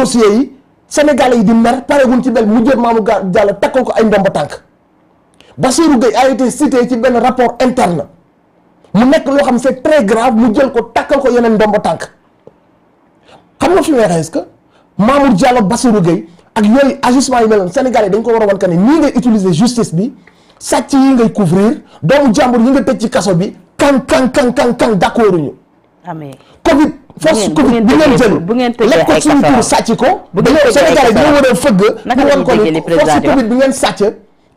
dossiers yi sénégalais yi di mer pareegul ci bel mu jël Mamour Diallo takkal ko ay ndomba tànk Bassirou Gueye a été cité ci benn rapport interne mu nekk loo xam c'est très grave mu jël ko takkal ko yeneen ndomba tànk xam nga fi may waxee est-ce que Mamour Diallo Bassirou Gueye ak yooyu agissement yi mel noonu sénégalais yi dañ ko war a wan que ne nii ngay utiliser justice bi sàcc yi ngay couvrir doomu jàmbur yi nga tëj ci kaso bi kan kan kan kan kan d'accorduñu amee Covid force Covid bi ngeen jël lekk ko suñu tur sàcc ko Sénégal dina war a fëgg bu woon ko ni force Covid bi ngeen sàcc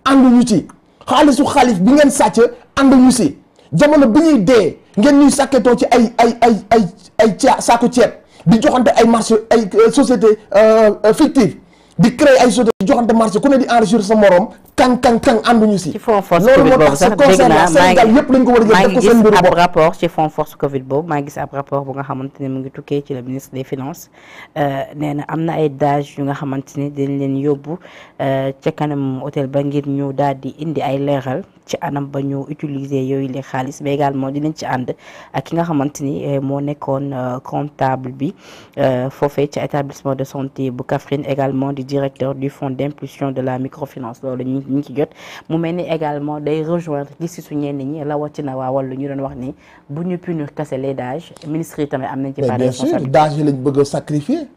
àndu ñu ci xaalisu xaalis bi ngeen sàcc àndu ñu si jamono bi ñuy dee ngeen ñuy sàkketoo ci ay ay ay ay ay saako ceeb di joxante ay marché ay euh, société euh, euh, fictive di créer ay société di joxante marché ku ne di enrichir sa morom kan kan kan ànduñu si. ci fonds force Covid boobu a jël def ko seen mbiru maa gis ab rapport force Covid boobu maa gis ab rapport bu nga xamante mu ngi tukkee ci le ministre des finances euh, nee na am na ay dage yu nga xamante ne dañ leen yóbbu euh, ca kanam hôtel ba ngir ñu daal di indi ay leexal ci anam ba ñu utiliser yooyu les xaalis mais également dinañ ci ànd ak ki nga xamante ni eh, moo nekkoon euh, comptable bi euh, foofee ci établissement de santé bu Kaffrine également di directeur du fonds d'impulsion de la microfinance loolu ñu ngi ci jot mu mel ni également day rejoindre gis-gisu ñenn ñi waa wala ñu doon wax ni bu ñu punir kese les dages ministre tamit am nañ ci part de responsabilité bien sûr yi lañ bëgg a sacrifier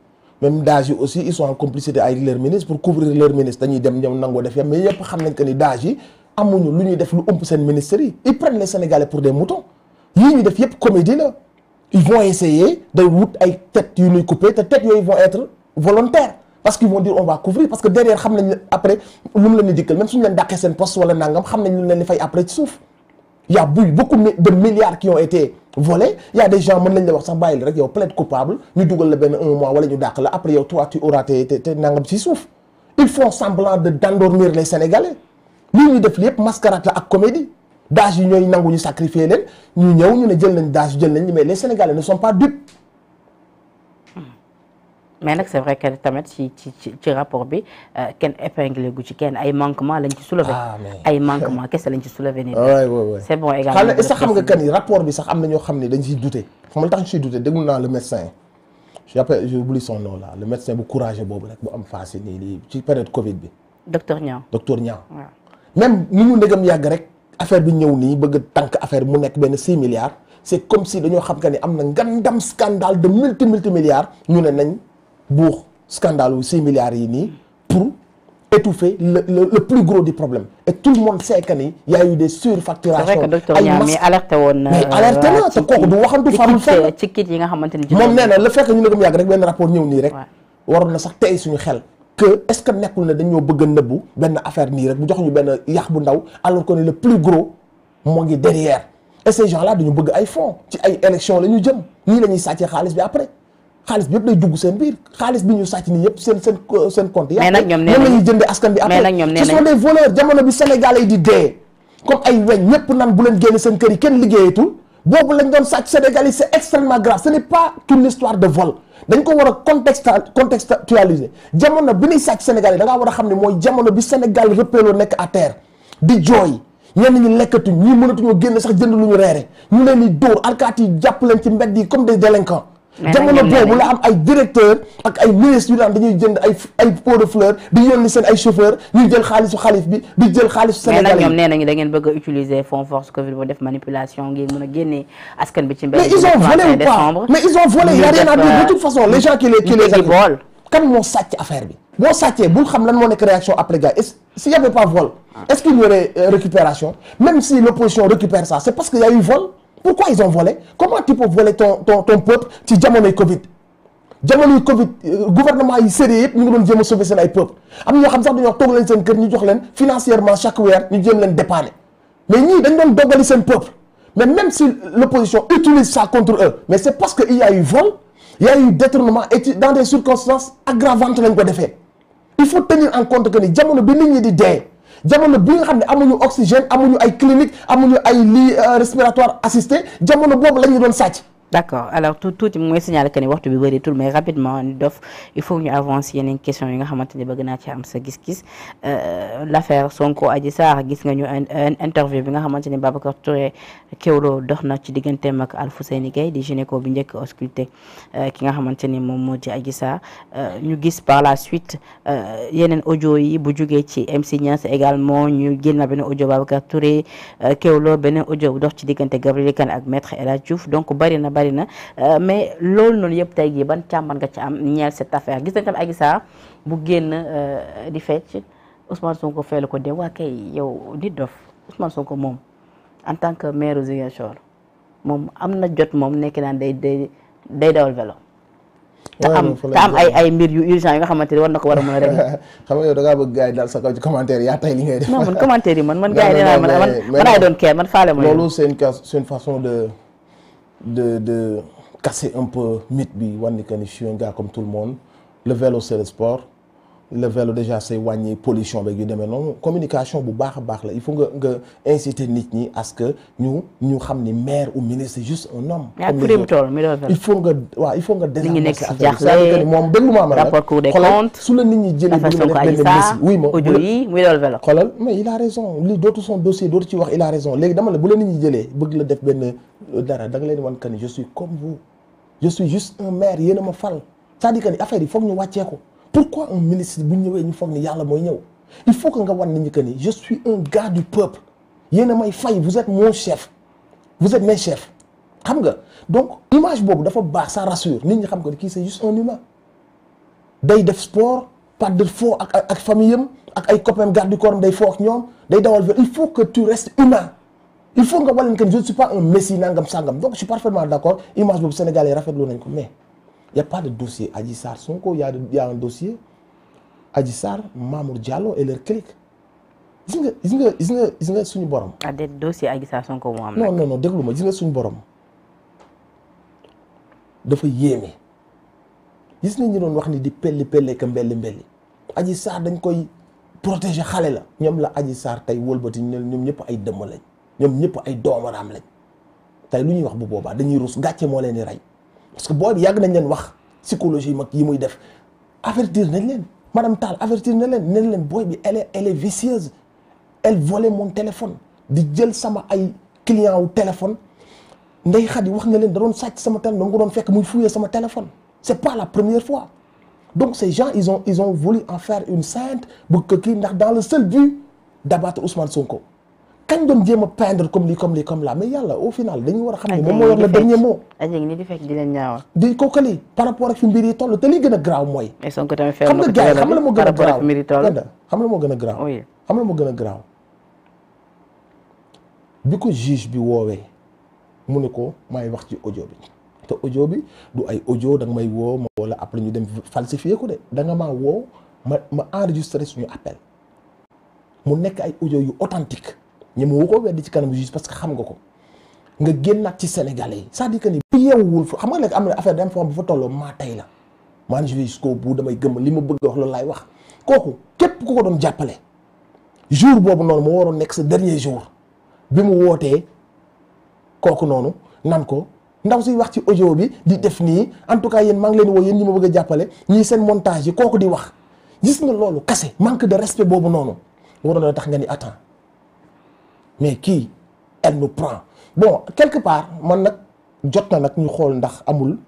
même dages yi aussi ils sont en complicité avec leur ministre pour couvrir leur ministre dañuy dem ñoom nangoo def yi amuñu lu ñuy def lu ëmp seen ministère yi ils prennent les Sénégalais pour des moutons yii ñuy def yëpp comédie la ils vont essayer day wut ay têtes yu ñuy couper te têtes yooyu vont être volontaires parce qu'ils vont dire on va couvrir parce que derrière xam nañ après lu mu leen di dikkal wala nangam xam nañ lu leen di fay après ci suuf y' a bu milliards qui ont été volés y' des gens mën nañ la wax sax bàyyil rek yow plaide coupable ñu dugal la benn un mois wala ñu dàq la après yow toi tu auras te te nangam suuf ils font semblant de d'endormir les lii ñu def lépp mascarade la ak comédie daas yi ñooy nangu ñu sacrifier leen ñu ñëw ñu ne jël nañ daas yu jël nañ mais les sénégalais ne sont pas dupes. mais nag c'est vrai que tamit ci ci ci rapport bi euh, kenn épinglé gu ci kenn ay manquement lañ ci soulever. Ah, ay manquement kese lañ ci soulever. nii c'est bon également. xam nga sax xam nga kan rapport bi sax am na ñoo xam ne dañ ciy douter xam nga tax ñu ciy douter déglu naa le médecin. j'appelle j'ai oublié son nom là le médecin bu courageux boobu rek bu am face nii nii ci période bi. docteur Niang docteur Niang. waaw. même ni ñu ndegam yàgg rek affaire bi ñëw nii bëgg tànk affaire mu nekk benn 6 milliards c'est comme si dañoo xam que ni am na ngandam scandale de multi multi milliards ñu ne nañ buux scandale wu 6 milliards yi nii pour étouffer le, le, le plus gros du problème et tout le monde sait que ni y a mas c'est woon. na euh, te kooku du waxantu faamul fenn nga xamante ni moom nee na le fait que ñu ndegam yàgg rek benn rapport ñëw nii rek. waroon na sax tey suñu xel. que est-ce que nekkul ne dañoo bëgg a nëbbu benn affaire nii rek bu jox ñu benn yàq bu ndaw alors que le plus gros moo ngi derrière et ces gens là dañu bëgg ay fonds ci ay élections la ñu jëm nii la ñuy sàccee xaalis bi après xaalis bi yëpp day dugg seen biir xaalis bi ñu sàcc nii yëpp seen seen seen compte yàq moom la ñuy jënde askan bi après ce sont des voleurs jamono bi Sénégalais yi di dee comme ay weñ ñëpp nan bu leen génne seen kër yi kenn liggéeyatul boobu lañ doon sàcc Sénégalais yi c'est extrêmement grave ce n'est dañ ko war a contexte contextualiser jamono bi ñuy sàcc Sénégal yi ngaa war a xam ne mooy jamono bi Sénégal rëppeloo nekk à di jooy ñenn ñi lekkatu ñii mënatuñoo génn sax jënd lu ñu reere ñu leen di dóor alkaati jàpp leen ci mbedd yi comme des délinquants jamono boobu la am ay directeur ak ay ministre yu naan dañuy jënd ay ay pot de fleur di yónni seen ay chauffeur ñuy jël xaalisu bi di jël xaalisu Sénégal yi ñoom nee nañu da ngeen bëgg a def manipulation ngir mën a génnee askan bi ci mbedd mais ils ont volé ou pas mais ils ont volé y a rien à dire a bool kan moo sàcc bi boo bul xam lan moo réaction après gars est s'il y pas vol est-ce qu'il y aurait euh, récupération si l'opposition pourquoi ils ont volé comment tu peux voler ton ton ton peuple ci jamonoy Covid jamonoy Covid euh, gouvernement yi sérieux yëpp ñu ngi doon jéem a sauver peuple am ñoo xam sax dañoo toog leen seen kër ñu jox leen financièrement chaque weer ñu jéem leen dépanner mais ñii dañ doon doggali seen peuple mais même si l'opposition utilise ça contre eux mais c'est parce que il y a eu vol il y a détournement et dans des circonstances aggravantes lañ ko defee il faut tenir ni jamono bi di dee. jamono bi nga xam ne amuñu oxygène amuñu ay clinique amuñu ay lits euh, respiratoire assisté jamono boobu la ñu doon sàcc d' accord alors tout tuuti mooy signaler que ni waxtu bi bëri tul mais rapidement dof il faut ñu avancer yeneen question yi nga xamante ni naa ci am sa gis-gis euh, l' affaire Sonko Adji Sarr gis nga ñu interview bi nga xamante ni Babacar Touré Kewlo dox na ci digganteem ak Alfousseyni Gaye di gynéco bi njëkk ausculté euh, ki nga xamante ni moom moo di Adji Sarr euh, ñu gis par la suite yeneen audio yi bu jugee ci MC Niass également ñu génn beneen audio Babacar Touré Kewlo beneen audio bu dox ci diggante Gabriel Kane ak maître El Hadj Diouf donc bëri na bari na euh, mais loolu noonu yëpp tey jii ban càmban nga ci am ñeel cette affaire gis nañ tam Adji Sarr bu génn euh, di fecc Ousmane Sonko feelu ko de waa kay yow nit dof Ousmane Sonko moom en tant que maire Ziguinchor moom am na jot moom nekk naan day day day dawal vélo te am te am ay ay mbir yu urgent a nga xamante ne war na ko war a mën a régler. xam nga man ay doon kenn man faale ma. loolu c'est une façon de. de, de casser un peu le mythe, je suis un gars comme tout le monde. Le vélo, c'est le sport. le vélo déjà say wàññi pollution beeg yu demee noonu communication bu baax a baax la il faut nga nga inciter nit ñi à que ñu ñu xam ni maire ou ministre c'est juste un homme. il faut nga waaw il des su la nit a isa yi muy xoolal mais a raison li dootu son dootu ci wax il a raison léegi bu la nit ñi jëlee bëgg la def benn euh, dara da nga leen wan que ni maire yéen ma fal c'est-à-dire que ni ñu wàccee pourquoi un ministre bu ñëwee ñu foog ni yàlla mooy ñëw il faut que nga wan nit ñu que ni je suis un gars du peuple yéen may fay vous êtes mon chef vous êtes mes chefs xam nga donc image boobu dafa baax ça rassure nit ñi xam ko kii c'est juste un humain day def sport pas de foo ak ak famille am ak ay copains garde du corps day foo ak ñoom day dawal vélo il faut que tu restes humain il faut nga wan leen que je ne suis pas un messie nangam sangam donc suis parfaitement d'accord image boobu rafetlu nañ ko mais. y a pas de dossier Adji Sarr Sonko y a y a un dossier Adji Sarr Mamour Diallo et leur clique nga gis nga nga gis nga suñu borom. ah déedéet dossier Adji Sarr Sonko moo am. ma gis suñu borom dafa yéeme gis nga ñu doon wax ni di pelli pelli ka mbelli mbelli Adji Sarr dañ koy protéger xale la. ñoom la Adji Sarr tey wëlbati ñoom ñëpp ay dëmm lañ ñoom ñëpp ay doomaraam lañ tey lu ñuy wax bu boobaa dañuy rus gàcce moo leen di rey. parce que booy bi yàgg nañ leen wax psychologie mag yi muy def avertir nañ leen madame Tall avertir nañ leen nañ leen booy bi elle est elle est vicieuse mon téléphone di jël sama ay client wu téléphone ndey xat yi wax na leen da doon sama téléphone dama ko doon fekk muy fouiller sama téléphone c'est pas la première fois donc ces gens ils ont ils en faire une sainte bu kii ndax dans le seul but d'abattre Ousmane Sonko kañ doon jéem a peindre comme lii comme lii comme là mais yàlla au final dañu war a xam ne moo yor le dernier mot ak ñi par rapport ak fi mbir yi toll te li gën a garaaw mooy xam nga gars yi xam la moo gën a garaaw xam la moo gën a garaaw xam la moo gën a garaaw bi ko juge bi woowee mu ne ko may wax ci audio bi te audio bi du ay audio da may woo ma wala après ñu dem falsifier ko de da nga maa woo ma ma enregistré suñu appel mu nekk ay audio yu authentique ñemewu ko weddi ci kanam juge parce que xam nga ko nga génnaat ci Sénégalais yi c'est-à-dire que ni bu yeewuwul xam nga léegi am na affaire dem foo xam bu fa tolloo maa tey la man je vais jusqu'au damay gëm li ma bëgg wax loolu laay wax kooku képp ku ko doon jàppale jour boobu noonu moo waroon nekk sa dernier jour bi mu wootee kooku noonu nan ko ndaw si wax ci audio bi di def nii en tout cas yéen maa ngi leen woo yéen ma bëgg jàppale seen montage yi kooku di wax gis nga loolu kase manque de respect boobu noonu waroon na tax nga ni attends mais kii elle nous prend bon quelque part man nag jot na nag ñu xool ndax amul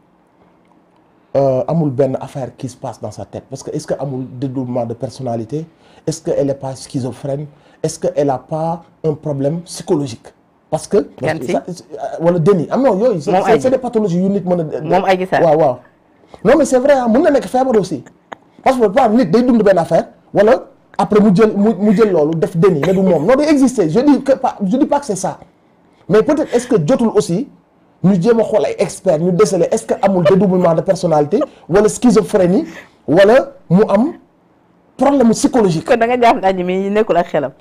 euh, amul benn affaire qui se passe dans sa tête parce que est-ce que amul dédoublement de personnalité est que elle est pas schizophrène est-ce que elle a pas un problème psychologique parce que wala déni am ah non yooy c'est des pathologies yu nit mën a euh, moom ay gis waaw waaw non mais c'est vrai ah mën na nekk feebar aussi parce que par nit day dund benn affaire wala après mu jël mu mu jël loolu def déni ne du moom non day exister je dis que pas je dis pas c'est ça mais peut-être est-ce que jotul aussi ñu jëm a xool ay experts ñu déceler est-ce que amul dédoublement de personalité wala schizophrénie wala mu am problème psychologique. kon da nga jàpp daal ñu nekkul ak xelam.